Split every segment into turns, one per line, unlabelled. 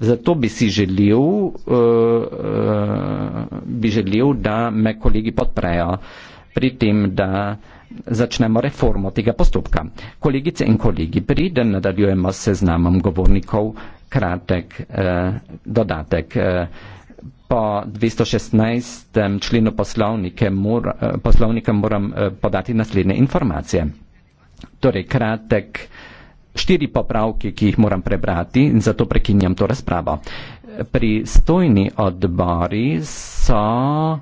Zato bi si želel, uh, uh, bi želel, da me kolegi podprejo pri tem, da začnemo reformo tega postopka. Kolegice in kolegi, preden nadaljujemo s seznamom govornikov, kratek uh, dodatek. Uh, po 216. členu mora, uh, poslovnika moram uh, podati naslednje informacije. Torej, kratek štiri popravke, ki jih moram prebrati in zato prekinjam to razpravo. Pristojni odbori so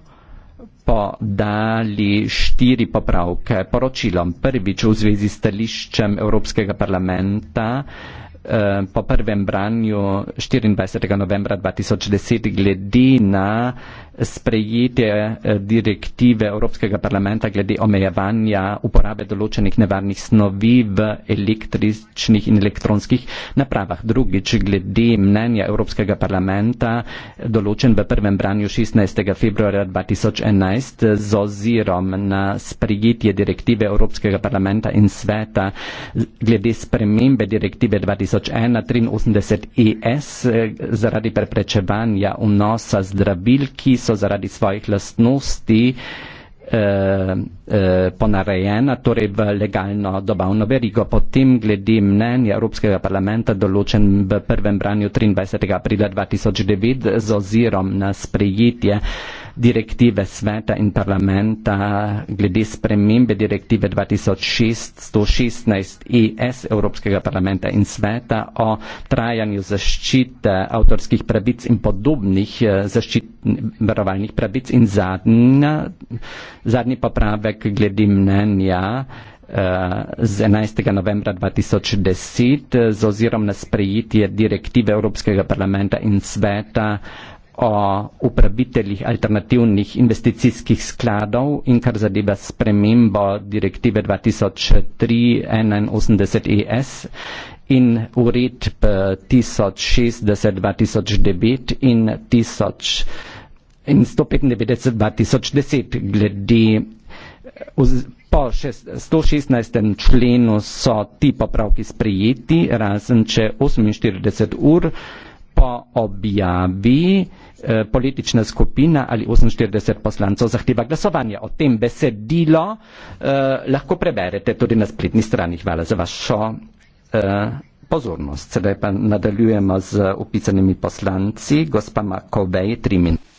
podali štiri popravke poročilom. Prvič v zvezi s stališčem Evropskega parlamenta eh, po prvem branju 24. novembra 2010 glede na sprejete eh, direktive Evropskega parlamenta glede omejevanja uporabe določenih nevarnih snovi v električnih in elektronskih napravah. Drugič, glede mnenja Evropskega parlamenta, določen v prvem branju 16. februarja 2011, z ozirom na sprejetje direktive Evropskega parlamenta in sveta glede spremembe direktive 2001-83 ES e eh, zaradi preprečevanja vnosa zdravil, ki so zaradi svojih lastnosti eh, eh, ponarejena, torej v legalno dobavno verigo. Potem glede mnenja Evropskega parlamenta določen v prvem branju 23. aprila 2009 z ozirom na sprejetje uh, direktive sveta in parlamenta glede spremembe direktive 2016 ES Evropskega parlamenta in sveta o trajanju zaščite eh, avtorskih pravic in podobnih eh, zaščitnih pravic in zadnja, zadnji popravek glede mnenja eh, z 11. novembra 2010 z ozirom na sprejitje direktive Evropskega parlamenta in sveta o upraviteljih alternativnih investicijskih skladov in kar zadeva spremembo direktive 2003-81-ES e in uredb 1060-2009 in 1000 in 195-2010 glede po 116. členu so ti popravki sprejeti, razen če 48 ur po objavi eh, politična skupina ali 48 poslancov zahteva glasovanje. O tem besedilo eh, lahko preberete tudi na spletni strani. Hvala za vašo eh, pozornost. Sedaj pa nadaljujemo z upisanimi poslanci. Gospa Makovej, tri minute.